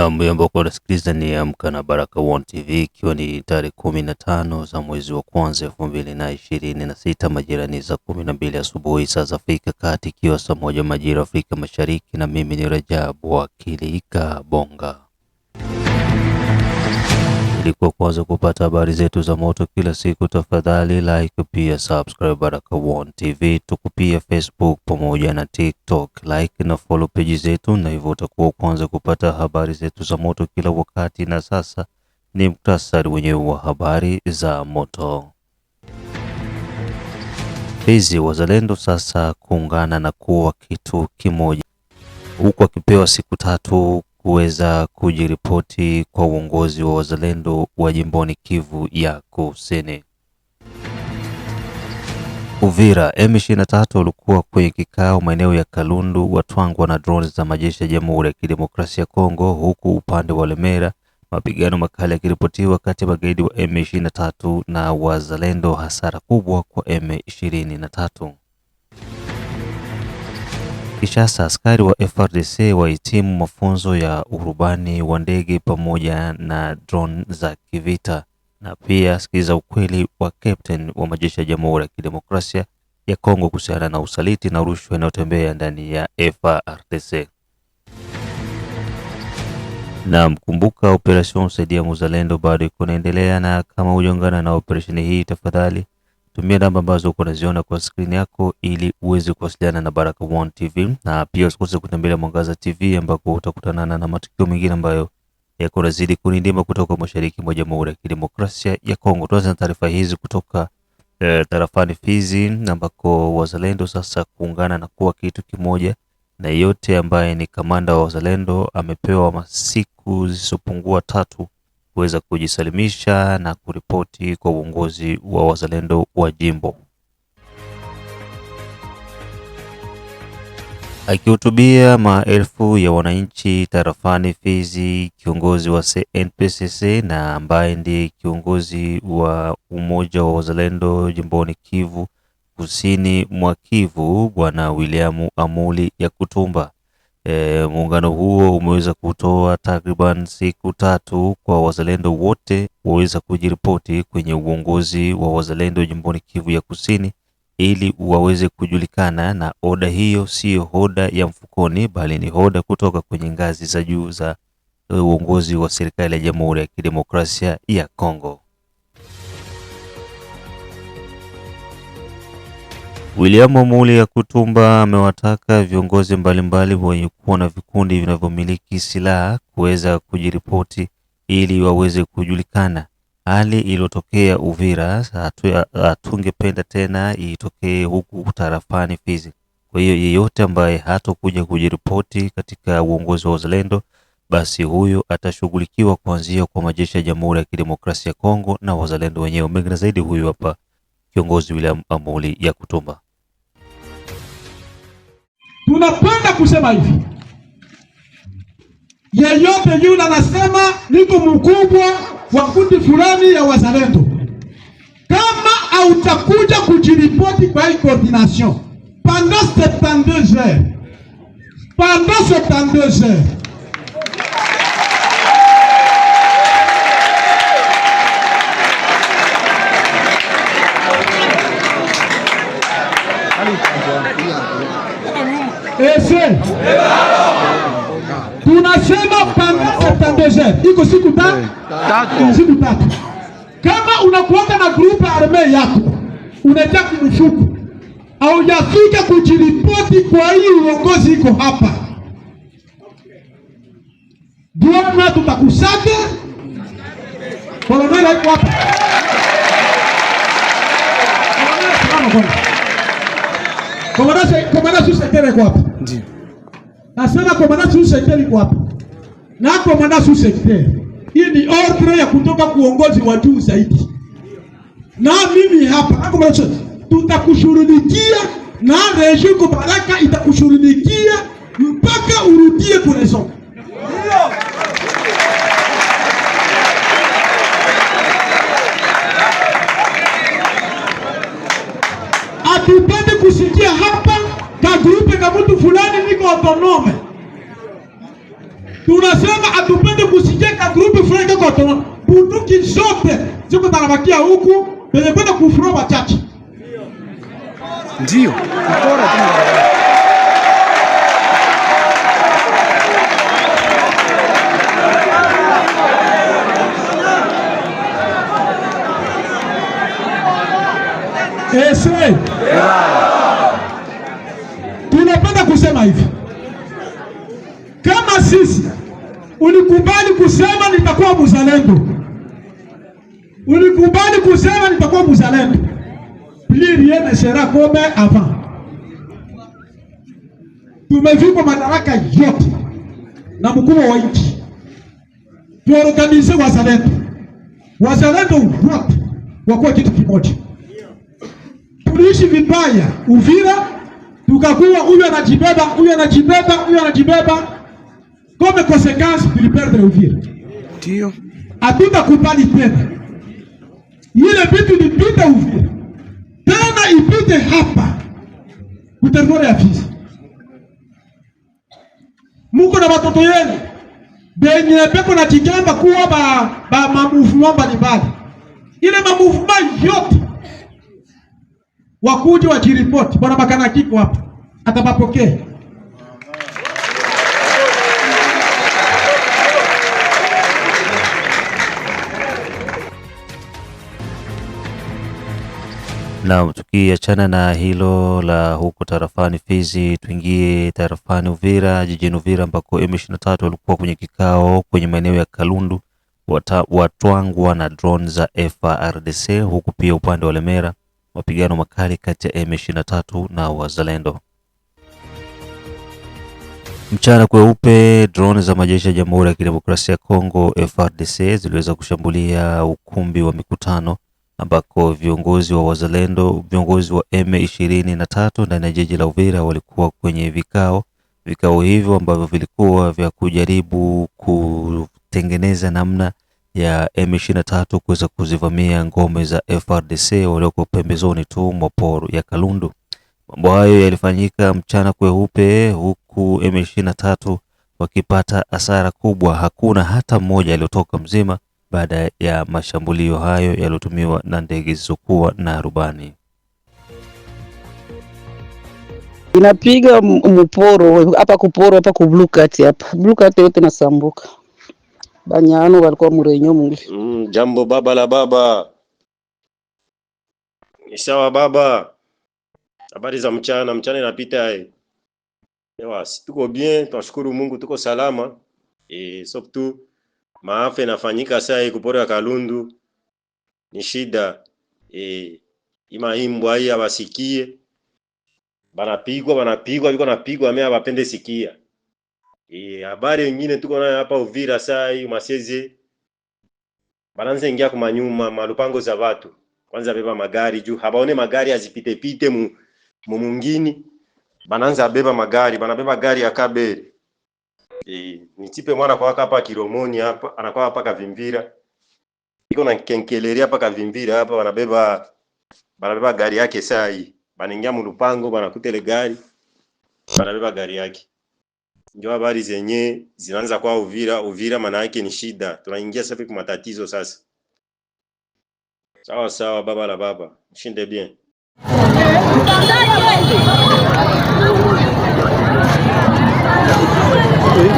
Na mjomba kwa nasikiliza ni Amka na Baraka One TV, ikiwa ni tarehe kumi na tano za mwezi wa kwanza elfu mbili na ishirini na sita majirani za kumi na mbili asubuhi saa za Afrika Kati, ikiwa saa moja majira Afrika Mashariki, na mimi ni Rajabu Wakilika Bonga. Ilikuwa kwanza kupata habari zetu za moto kila siku, tafadhali like pia subscribe baraka One TV. Tuko pia Facebook pamoja na TikTok, like na follow page zetu, na hivyo utakuwa kwanza kupata habari zetu za moto kila wakati. Na sasa ni muktasari wenyewe wa habari za moto hizi. Wazalendo sasa kuungana na kuwa kitu kimoja, huku akipewa siku tatu kuweza kujiripoti kwa uongozi wa wazalendo wa jimboni Kivu ya Kusini. Uvira, M23 walikuwa kwenye kikao maeneo ya Kalundu watwangwa na drone za majeshi ya Jamhuri ya Kidemokrasia ya Kongo, huku upande wa Lemera mapigano makali yakiripotiwa kati ya magaidi wa M23 na wazalendo, hasara kubwa kwa M23 kishasa askari wa frdc wahitimu mafunzo ya urubani wa ndege pamoja na drone za kivita. Na pia sikiza ukweli wa captain wa majeshi ya Jamhuri ya Kidemokrasia ya Kongo kuhusiana na usaliti na rushwa inayotembea ndani ya frdc Na mkumbuka, operation saidia muzalendo bado iko inaendelea, na kama hujaungana na operesheni hii, tafadhali Tumia namba ambazo uko unaziona kwa skrini yako ili uweze kuwasiliana na Baraka One TV, na pia usikose kutembelea Mwangaza TV ambako utakutana na matukio mengine ambayo yako nazidi kunindima kutoka mashariki mwa Jamhuri ya Kidemokrasia ya Kongo. Tuanze na taarifa hizi kutoka e, tarafani Fizi ambako wazalendo sasa kuungana na kuwa kitu kimoja, na yote ambaye ni kamanda wa wazalendo amepewa masiku zisizopungua tatu kuweza kujisalimisha na kuripoti kwa uongozi wa wazalendo wa jimbo. Akihutubia maelfu ya wananchi tarafani Fizi, kiongozi wa CNPSC na ambaye ndiye kiongozi wa umoja wa wazalendo jimboni Kivu Kusini mwa Kivu, Bwana William Amuli ya kutumba E, muungano huo umeweza kutoa takriban siku tatu kwa wazalendo wote waweza kujiripoti kwenye uongozi wa wazalendo jimboni Kivu ya Kusini ili waweze kujulikana, na oda hiyo siyo hoda ya mfukoni, bali ni hoda kutoka kwenye ngazi za juu za e, uongozi wa serikali ya Jamhuri ya Kidemokrasia ya Kongo. William Muli kutumba amewataka viongozi mbalimbali wenye kuwa na vikundi vinavyomiliki silaha kuweza kujiripoti ili waweze kujulikana. Hali iliyotokea Uvira hatungependa tena itokee huku tarafani Fizi. Kwa hiyo yeyote ambaye hatokuja kujiripoti katika uongozi wa uzalendo, basi huyo atashughulikiwa kuanzia kwa majeshi ya Jamhuri ya Kidemokrasia ya Kongo na wazalendo wenyewe. Mengine zaidi huyu hapa Kiongozi William Amuli Kutumba. Tunapenda kusema hivi, yeyote yule anasema niko mkubwa wa kundi fulani ya wazalendo, kama hautakuja kujiripoti kwa hii coordination pendant 72 heures pendant 72 heures Ese tunasema tangaza tandeze iko siku tatu, siku tatu. Kama unakuwaka na grupu arme yako unaja kumfuku au yafika kujiripoti kwa hii uongozi iko hapa, duana tutakusaka kolonel haiko hapa komanda susetere iko hapa ndio. Nasema komanda sous secteur iko hapa. Na komanda sous secteur. Hii ni ordre ya kutoka kuongozi wa juu zaidi. Na mimi hapa tutakushughulikia na rejiko baraka itakushurudikia mpaka urudie kwa raison. grupu fulani kokoto bunduki zote ziko tarabakia huku penye kwenda kufuro wachache, ndio tunapenda kusema hivi kama sisi ulikubali kusema nitakuwa mzalendo, ulikubali kusema nitakuwa mzalendo. Plus rien ne sera comme avant. Tumevikwa madaraka yote na mkubwa wa nchi, tuorganize wazalendo, wazalendo wote wakuwa kitu kimoja. Tuliishi vibaya Uvira, tukakuwa huyu anajibeba, huyu anajibeba, huyu anajibeba Comme conséquence, tuliperdre Uvira, atuta kubali tena ile vitu lipite Uvira tena ipite hapa kuteritori ya Fizi. Muko na watoto yenu benye peko na chigamba kuwa ba, ba mamuvuma mbalimbali, ile mamuvuma yote wakuja Bona bwana Bakanakiko hapa atabapokea Naam, tukiachana na hilo la huko tarafani Fizi, tuingie tarafani Uvira, jijini Uvira ambako M23 walikuwa kwenye kikao kwenye maeneo ya Kalundu watwangwa na drone za FARDC, huku pia upande wa Lemera mapigano makali kati ya M23 na wazalendo. Mchana kweupe, drone za majeshi ya Jamhuri ya Kidemokrasia ya Kongo FARDC ziliweza kushambulia ukumbi wa mikutano ambako viongozi wa wazalendo, viongozi wa M23 ndani ya jiji la Uvira walikuwa kwenye vikao. Vikao hivyo ambavyo vilikuwa vya kujaribu kutengeneza namna ya M23 kuweza kuzivamia ngome za FRDC walioko pembezoni tu mwa poro ya Kalundu. Mambo hayo yalifanyika mchana kweupe, huku M23 wakipata hasara kubwa. Hakuna hata mmoja aliyotoka mzima, baada ya mashambulio hayo yaliyotumiwa na ndege zisizokuwa na rubani. Inapiga muporo hapa kuporo hapa ku blue hapa blue cat yote nasambuka banyano walikuwa murenyo mungi. Mm, jambo baba la baba ni sawa baba. Habari za mchana, mchana inapita eh. Ewa, tuko bien, tunashukuru Mungu tuko salama. Eh, soptu maafa inafanyika saa hii kupora Kalundu ni shida e, imaimbwa hii abasikie banapigwa banapigwa biko napigwa mimi abapende sikia e, habari nyingine tuko nayo hapa Uvira saa hii maseze bananze ingia kumanyuma malupango za watu kwanza beba magari juu habaone magari azipitepite mu mungini bananza beba magari banabeba gari ya kabere E, nichipe mwana kwa hapa Kiromoni hapa anakuwa hapa Kavimvira. Iko na kenkeleria hapa Kavimvira hapa wanabeba wanabeba gari yake saa hii. Banaingia mulupango banakuta ile gari. Wanabeba gari yake. Ndio habari zenye zinaanza kwa Uvira. Uvira maana yake ni shida. Tunaingia sasa kwa matatizo sasa. Sawa sawa, baba la baba. Shinde bien. quý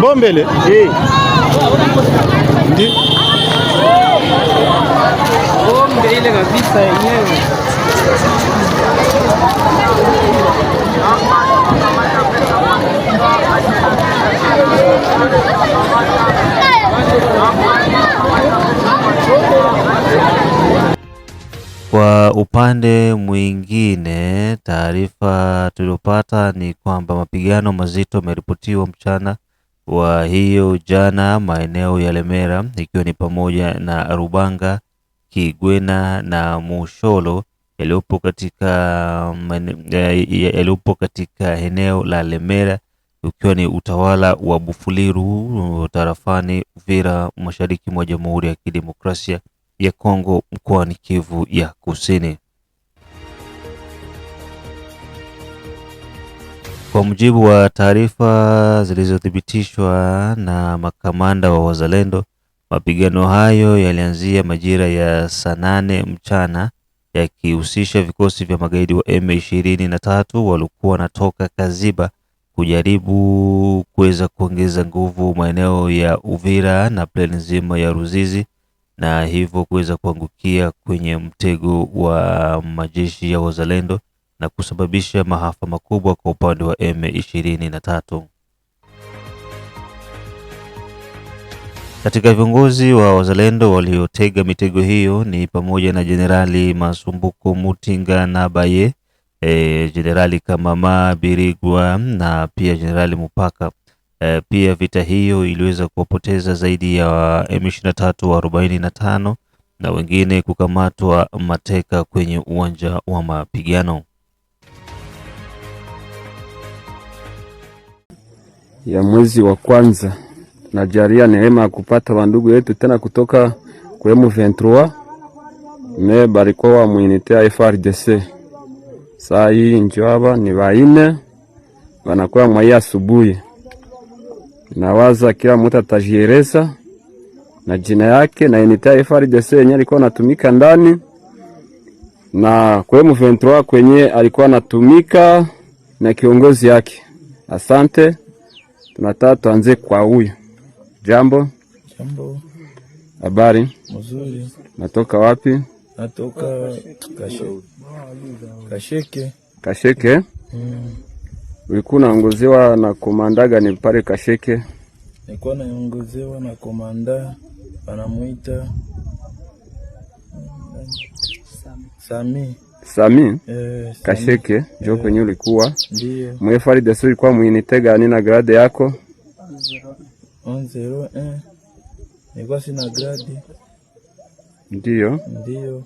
Bombele. Sim. Bombele na vista yenyewe. Thank you. Kwa upande mwingine, taarifa tuliopata ni kwamba mapigano mazito yameripotiwa mchana wa hiyo jana maeneo ya Lemera, ikiwa ni pamoja na Rubanga, Kigwena na Musholo yaliyopo katika, yaliyopo katika eneo la Lemera, ukiwa ni utawala wa Bufuliru tarafani Uvira, mashariki mwa Jamhuri ya Kidemokrasia ya Kongo mkoani Kivu ya Kusini. Kwa mujibu wa taarifa zilizothibitishwa na makamanda wa Wazalendo, mapigano hayo yalianzia majira ya saa nane mchana yakihusisha vikosi vya magaidi wa M23 walikuwa wanatoka Kaziba kujaribu kuweza kuongeza nguvu maeneo ya Uvira na pleni nzima ya Ruzizi na hivyo kuweza kuangukia kwenye mtego wa majeshi ya wazalendo na kusababisha maafa makubwa kwa upande wa M23. Katika viongozi wa wazalendo waliotega mitego hiyo ni pamoja na Jenerali Masumbuko Mutinga na Baye, e, Jenerali Kamama Birigwa na pia Jenerali Mupaka. Uh, pia vita hiyo iliweza kuwapoteza zaidi ya M23 wa 45 na wengine kukamatwa mateka kwenye uwanja wa mapigano. ya mwezi wa kwanza najaria neema ya kupata wandugu yetu tena kutoka kwa M23 me barikwa wa mwinite ya FRDC. Saa hii njoaba ni waine wanakuwa mwai asubuhi nawaza kila mtu atajieleza na jina yake na unité ya FARDC yenye alikuwa anatumika ndani na kwa M23 kwenye alikuwa anatumika na kiongozi yake. Asante, tunataka tuanze kwa huyu jambo. Jambo, habari mzuri. Natoka wapi? Natoka Kasheke. Kasheke, Kasheke. Eh? Mm. Ulikuwa unaongozewa na komanda gani pale Kasheke? Nilikuwa naongozewa na komanda anamuita Sami Sami e, Kasheke njo eh, kwenye ulikuwa mwefari desu ulikuwa mwinite gani na grade yako? Eh. Nilikuwa sina grade. Ndio, ndio.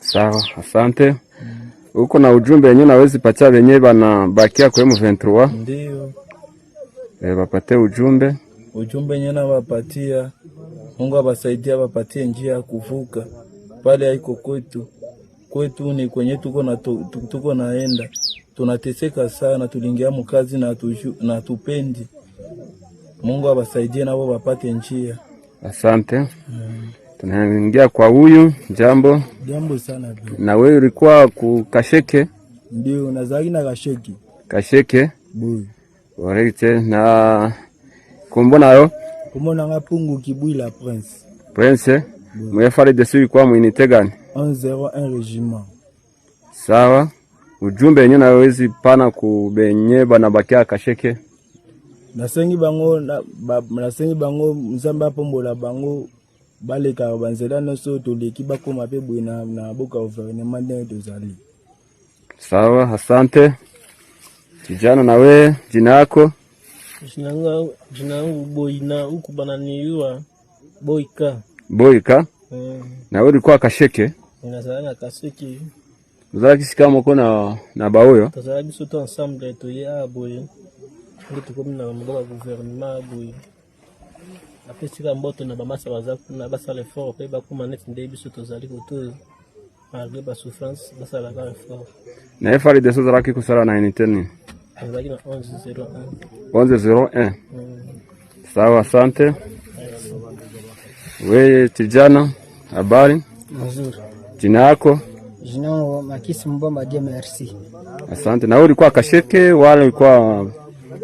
Sawa, asante mm uko na ujumbe yenye nawezi patia venye bakia kwa M23, ndio bapate eh, ujumbe. Ujumbe yenye nawapatia, Mungu abasaidia, abapatie njia ya kuvuka pale, haiko kwetu. Kwetu ni kwenye tuko na tuko naenda, tunateseka sana, tulingia mkazi na tuju, na tupendi. Mungu abasaidie nabo bapate njia. Asante. Hmm. Tunaingia kwa huyu jambo. Jambo sana bro. Na wewe ulikuwa ku Kasheke? Ndio, nazali na Kasheke. Kasheke? Bui. Orite eh, na yo Kumbona ngapungu kibwila prince. Prince? Eh? Mwefale desi ulikuwa mwinite gani? 101 regiment. Sawa. Ujumbe yenyewe nawezi pana kubenye bana bakia Kasheke. Nasengi bango na, ba, nasengi bango mzamba pombola bango baleka banzela nyonso toleki bakoma mpe boye na boka gouvernement ndenge tozali sawa asante kijana nawe jina yako jina yangu boina huku bananiiwa boika boika mm. Eh. nawe ulikuwa kasheke nazalaka kasheke ozalaki sika moko na, na baoyo tozala biso to ensemble toye a boye na mogo ba gouvernement apesika mboto na bamasa bazakuna basala effort pe bakuma neti nde biso tozali kotoyo malgré basouffrance basalaka effort na efrdc ozalaki kosala na unité nini ezalaki na 1101 sawa sante we tijana habari nzuri jina yako jina makisi mbomba DMRC asante na wewe ulikuwa kasheke wala ulikuwa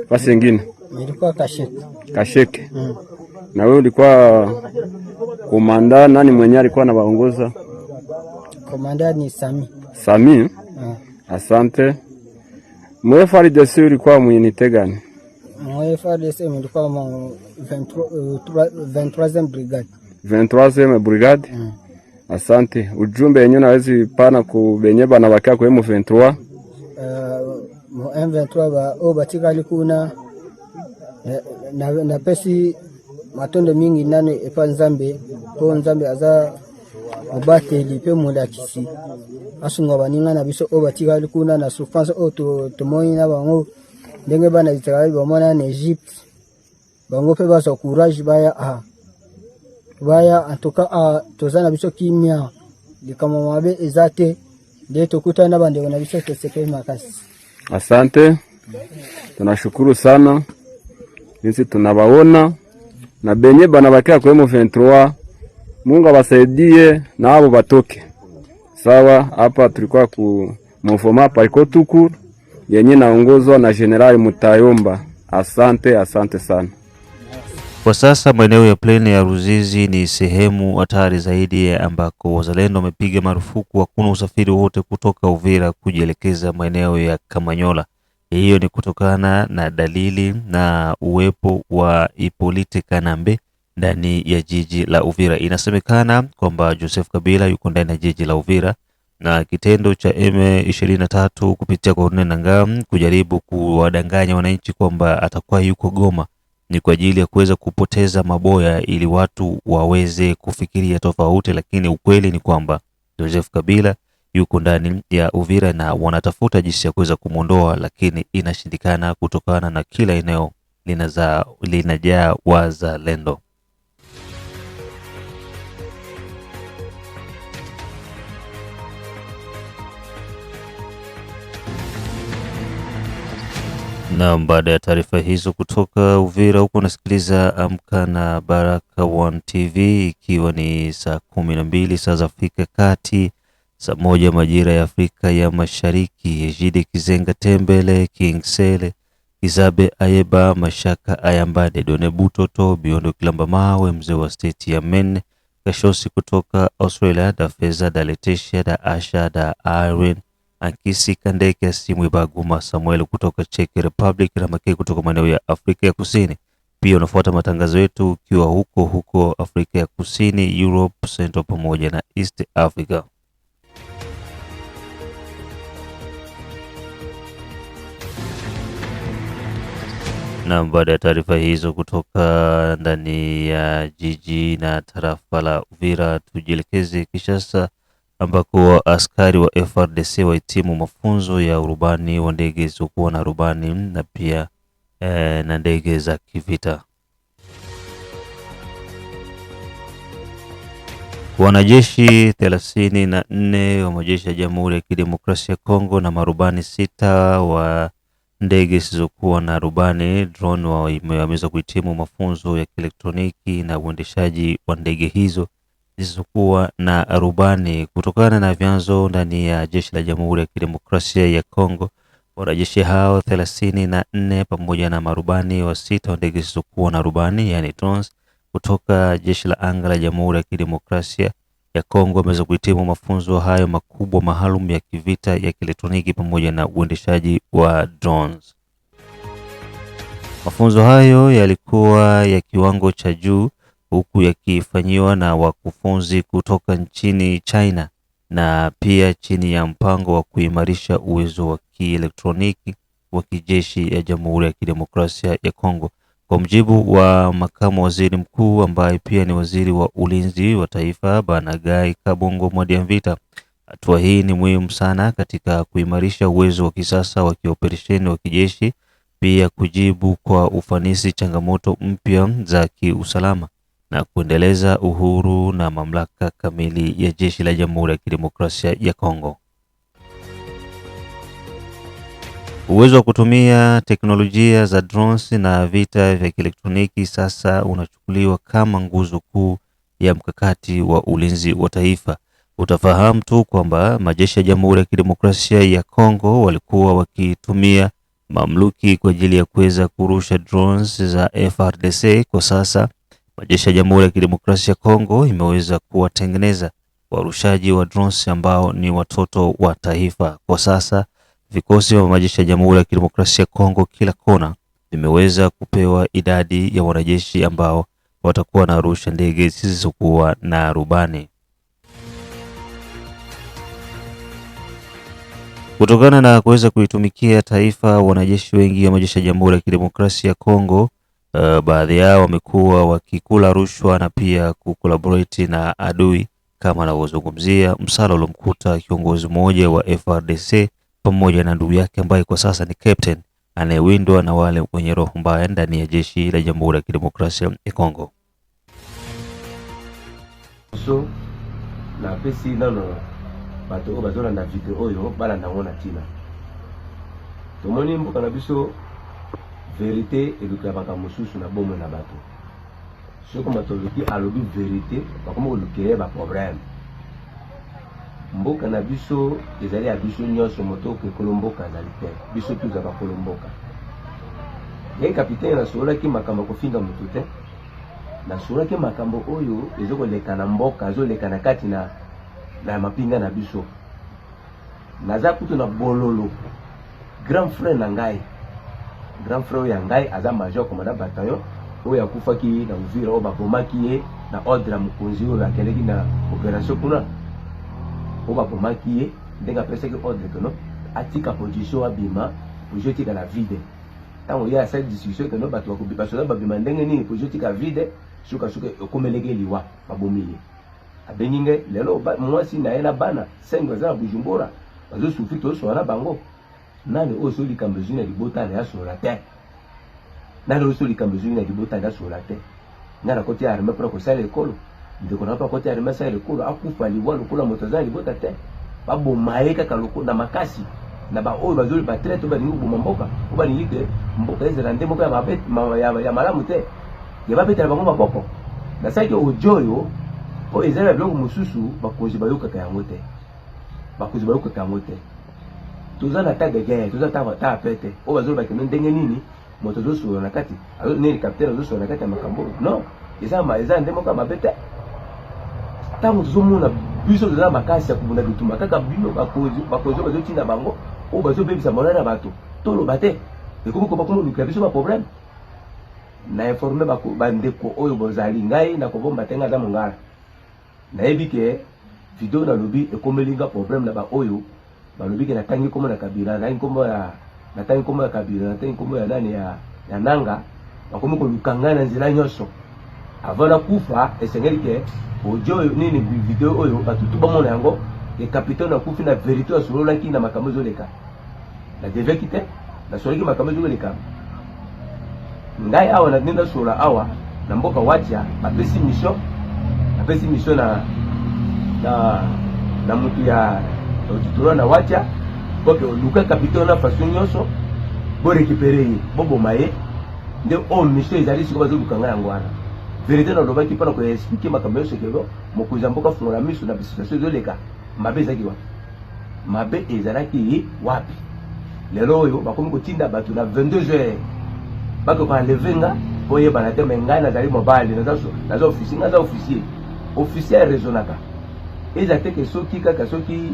fasi nyingine nilikuwa kasheke kasheke mm. Na wewe ulikuwa komanda, nani mwenye alikuwa anawaongoza? Komanda ni Sami. Sami? Ha. Ah. Asante. Mwe FARDC ulikuwa mwenye gani? Mwe FARDC ulikuwa mwa 23e brigade. 23e brigade? Ha. Mm. Asante. Ujumbe yenyewe nawezi pana kubenye bana bakia kwa M23. Uh, M23 ba obatika kuna na, na, na pesi matondo mingi nane epa nzambe mpo nzambe aza mobateli mpe molakisi asunga baninga na biso oyo batikali kuna na souffrance oyo tomoni na bango ndenge bana israeli bamona na egypte bango mpe baza courage baya a baya antuka a toza na biso kimia likambo mabe eza te nde tokuta na bandeko na biso tosepeli makasi asante tunashukuru sana jinsi tunabaona na benye banabakia kwa 23 Mungu abasaidie na abo batoke sawa. Hapa tulikuwa ku mofoma paliko tuku yenye naongozwa na Generali Mutayomba. Asante, asante sana. Kwa sasa maeneo ya pleni ya Ruzizi ni sehemu hatari zaidi ambako wazalendo wamepiga marufuku hakuna usafiri wote kutoka Uvira kujielekeza maeneo ya Kamanyola. Hiyo ni kutokana na dalili na uwepo wa Hippolyte Kanambe ndani ya jiji la Uvira. Inasemekana kwamba Joseph Kabila yuko ndani ya jiji la Uvira na kitendo cha M23 kupitia kwa Corneille Nangaa kujaribu kuwadanganya wananchi kwamba atakuwa yuko Goma ni kwa ajili ya kuweza kupoteza maboya ili watu waweze kufikiria tofauti, lakini ukweli ni kwamba Joseph Kabila yuko ndani ya Uvira na wanatafuta jinsi ya kuweza kumwondoa, lakini inashindikana kutokana na kila eneo linazaa linajaa wazalendo. Na baada ya taarifa hizo kutoka Uvira huko, unasikiliza Amka na Baraka 1 TV, ikiwa ni saa kumi na mbili saa za Afrika Kati Saa moja majira ya Afrika ya Mashariki, Ejide Kizenga Tembele, King Sele, Izabe Ayeba, Mashaka Ayambade, Done Butoto, Biondo Kilamba Mawe, mzee wa state ya Maine, Kashosi kutoka Australia, da Feza, da Letitia, da Asha, da Irene, Ankisi Kandeke, Simu Ibaguma, Samuel kutoka Czech Republic na Makei kutoka maeneo ya Afrika ya Kusini. Pia unafuata matangazo yetu ukiwa huko huko Afrika ya Kusini, Europe, Central pamoja na East Africa. Na baada ya taarifa hizo kutoka ndani ya jiji na tarafa la Uvira, tujielekeze kishasa ambako askari wa FRDC wahitimu mafunzo ya urubani wa ndege zisizokuwa na rubani na pia eh, na ndege za kivita. Wanajeshi 34 wa majeshi ya Jamhuri ya Kidemokrasia ya Kongo na marubani sita wa Ndege zisizokuwa na rubani drone wameweza kuhitimu mafunzo ya kielektroniki na uendeshaji wa ndege hizo zisizokuwa na rubani. Kutokana na vyanzo ndani ya jeshi la Jamhuri ya Kidemokrasia ya Kongo, wanajeshi hao thelathini na nne pamoja na marubani wa sita wa ndege zisizokuwa na rubani yani drones kutoka jeshi la anga la Jamhuri ya Kidemokrasia ya Kongo ameweza kuhitimu mafunzo hayo makubwa maalum ya kivita ya kielektroniki pamoja na uendeshaji wa drones. Mafunzo hayo yalikuwa ya kiwango cha juu huku yakifanyiwa na wakufunzi kutoka nchini China na pia chini ya mpango wa kuimarisha uwezo wa kielektroniki wa kijeshi ya Jamhuri ya Kidemokrasia ya Kongo. Kwa mujibu wa makamu waziri mkuu ambaye pia ni waziri wa ulinzi wa taifa Bwana Gai Kabongo Mwadiamvita, hatua hii ni muhimu sana katika kuimarisha uwezo wa kisasa wa kioperesheni wa kijeshi, pia kujibu kwa ufanisi changamoto mpya za kiusalama na kuendeleza uhuru na mamlaka kamili ya jeshi la Jamhuri ya Kidemokrasia ya Kongo. Uwezo wa kutumia teknolojia za drones na vita vya kielektroniki sasa unachukuliwa kama nguzo kuu ya mkakati wa ulinzi wa taifa. Utafahamu tu kwamba majeshi ya Jamhuri ya Kidemokrasia ya Kongo walikuwa wakitumia mamluki kwa ajili ya kuweza kurusha drones za FRDC. Kwa sasa majeshi ya Jamhuri ya Kidemokrasia ya Kongo imeweza kuwatengeneza warushaji wa drones ambao ni watoto wa taifa. Kwa sasa Vikosi vya majeshi ya Jamhuri ya Kidemokrasia ya Kongo kila kona vimeweza kupewa idadi ya wanajeshi ambao watakuwa na rusha ndege zisizokuwa na rubani. Kutokana na kuweza kuitumikia taifa, wanajeshi wengi wa majeshi ya Jamhuri ya Kidemokrasia ya Kongo uh, baadhi yao wamekuwa wakikula rushwa na pia kukolaborate na adui, kama anavyozungumzia msala uliomkuta kiongozi mmoja wa FRDC pamoja na ndugu yake ambaye kwa sasa ni captain anayewindwa na wale wenye roho mbaya ndani ya jeshi la Jamhuri ya Kidemokrasia ya Kongo. So na pesi nano bato oyo bazolanda video oyo bala yango na tomoni mboka na biso verite elukela makambo mosusu na bomo na bato soki moto alobi alobi verite bakoma kolukela ye baprobleme mboka na biso ezali ya biso nyonso moto okekolo mboka azali te biso tozaka kolo mboka ye kapitaine nasololaki makambo kofinga motu te nasololaki makambo oyo ezokoleka na mboka azoleka na kati na, na mapinga na biso naza kutu na bololo grand frère na ngai grand frère oyo ya ngai aza major commandant bataillon oyo akufaki na uvira oyo babomaki ye na ordre ya mokonzi oyo akeleki na opération kuna oyo bapomaki ye ndenge apesaki ordre keno atika position abima position etikala vide ntango ye asali discussion keno bato basoda babima ndenge nini position etika vide sukasuka ekomeleki liwa babomi ye abengi ngai lelo mwasi na ye na bana sengi baza na bujumbura bazosufi tozosola na bango nani oyo so likambo ezwi na libotana yasola te nani oyo so likambo ezwi na libotana yasola te ngai nakoti arme mpona kosala ekolo ndeko na watu wakote arimasa ilikulu akufa libwa lukula motoza libota te babomaye kaka na makasi na baoyo bazoli batraite balingi koboma mboka o balingi ke mboka ezela nde moko ya malamu te ya babetela bango maboko nasalaki ojo oyo oyo ezali na biloko mosusu bakonzi bayokaka yango te bakonzi bayokaka yango te toza na ta de guerre toza ta pe te oyo bazoli bakende ndenge nini moto azosola na kati nini capitaine azosola na kati ya makambo non eza eza nde moko ntango tozomona biso toza na makasi ya kobunda bitumba kaka bino bakozio bazotinda bango oyo bazobebisa molai na bato toloba te ekoki kobakoma olukila biso baproblème na informe bandeko oyo bozali ngai nakobomba te ngai aza mongala nayebi ke video nalobi ekomelinga problème na baoyo balobi ke natangi nkombo na kabila natangi nkombo ya natangi nkombo ya kabila natangi nkombo ya nani ya nanga bakomi koluka ngai na nzela nyonso avant kufa esengeli ke ojo oyo nini video oyo batutu bamona yango ekapitaine akufi na verité asololaki na makambo ezoleka nadeveki te nasolaki makambo ezoleka ngai awa nandi nasola awa na mboka watia bapesi mission bapesi mission na na na motu ya auditorat na watia boke oluka capitaine na faso nyonso borekipere ye boboma ye nde oyo mission ezali siko bazoluka yango wana verité nalobaki mpona koexplike makambo nyonso ekelo mokonzi ya mboka fungola miso na bisituation ezoleka mabe ezalaki wapi mabe ezalaki wapi lelo oyo bakomi kotinda bato na 22 heures bake koenleve nga mpo yebana te me ngai nazali mobali naza officier ngai aza officier officier erezonaka eza teke soki kaka soki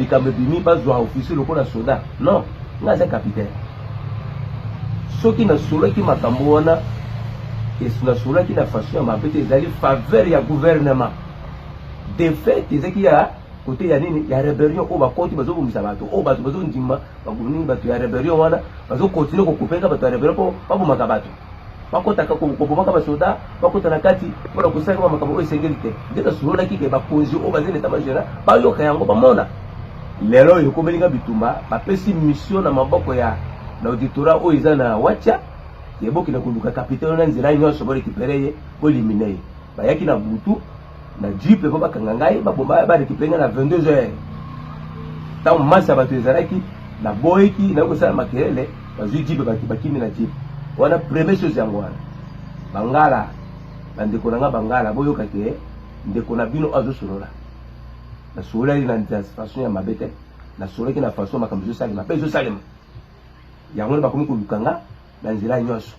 likambo ebimi bazwa officier lokola soda non ngai aza capitaine soki nasolaki makambo wana esunasuna na faso ya mabe te ezali faveur ya gouvernement defete ezaki ya kote ya nini ya rebellion oyo oh, bakoti bazobomisa bato oyo oh, bato bazondima bagonini bato ya rebellion wana bazokontinue kokupeka bato ya rebellion mpo babomaka bato bakotaka kobomaka basoda bakota na kati mpona kosalaka bamakambo oyo esengeli te nde nasunolaki ke bakonzi oyo oh, baza na etama général bayoka yango bamona lelo oyo ekomelinga bitumba bapesi mission na maboko ya na auditorat oyo eza na watia yebokina koluka kapitene na nzela nyonso borekipere ye bolimine ye bayaki na butu na jipe mpo bakanga ngai babomba barekipere ngai na 22 heures ntango masi ya bato ezalaki naboyeki nayoki kosala makelele bazwi jipe bakimi na jipe wana premier chose yango wana bangala bandeko na nga bangala boyoka ke ndeko na bino azosolola nasololaki na façon ya mabe te nasololaki na façon makambo ezosalema mpe ezosalema yango na bakomi koluka nga na nzela nyonso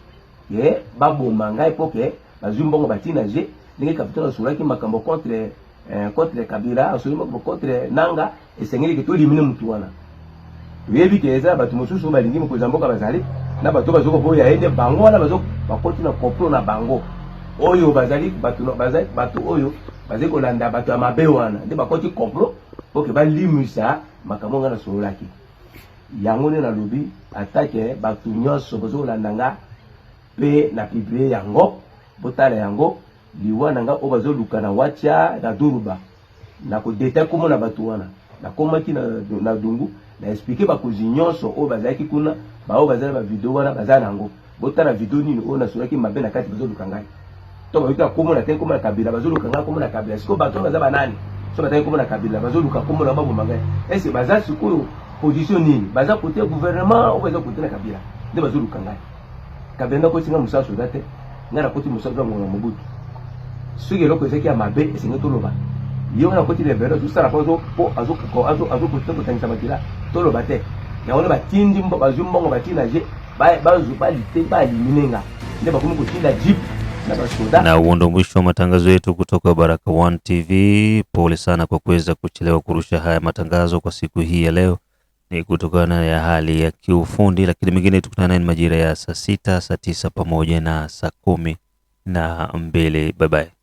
ye baboma ngai mpo ke bazwi mbongo batina je ndenge kapitane asolaki makambo contre eh, contre kabila asoli makambo contre nanga esengeli ke tolimine mutu wana toyebi ke eza bato mosusu balingi mokonzi ya mboka bazali na bato bazo koboya ye nde bango wana bakoti na komplo na bango oyo bazali bato oyo bazali kolanda bato ya mabe wana nde bakoti komplo mpo ke balimwisa makambo ngai nasololaki yango nde nalobi atake bato nyonso bozolanda nga mpe na piblie yango botala yango liwa na nga oyo bazoluka na watia na duruba nakodeta komona bato wana nakomaki na dungu na explike bakonzi nyonso oyo bazalaki kuna baoyo bazali bavideo wana baza na yango botala video nini oyo nasolaki mabe na kati bazoluka ngai to bayuta komona te komona kabila bazoluka ngai komona kabila sikoyo bato wana baza banani so bataki komona kabila bazoluka komona baboma ngai ese baza sikoyo position nini baza kote gouvernement o baza kote na kabila nde bazoluka ngai kabila ndakoti nga mosala soda te ngai nakoti mosala zangonga mobutu soki eloko ezalaki ya mabe esenge toloba ye wana akoti levere azosala mpo azokotangisa makila toloba te yango nde batindi bazwi mbongo batina je balite baalimine nga nde bakomi kotinda jip na huo ndo mwisho wa matangazo yetu kutoka Baraka1 TV. Pole sana kwa kuweza kuchelewa kurusha haya matangazo kwa siku hii ya leo. ni kutokana ya hali ya kiufundi, lakini mengine tukutana majira ya saa sita, saa tisa pamoja na saa kumi na mbili. Bye bye.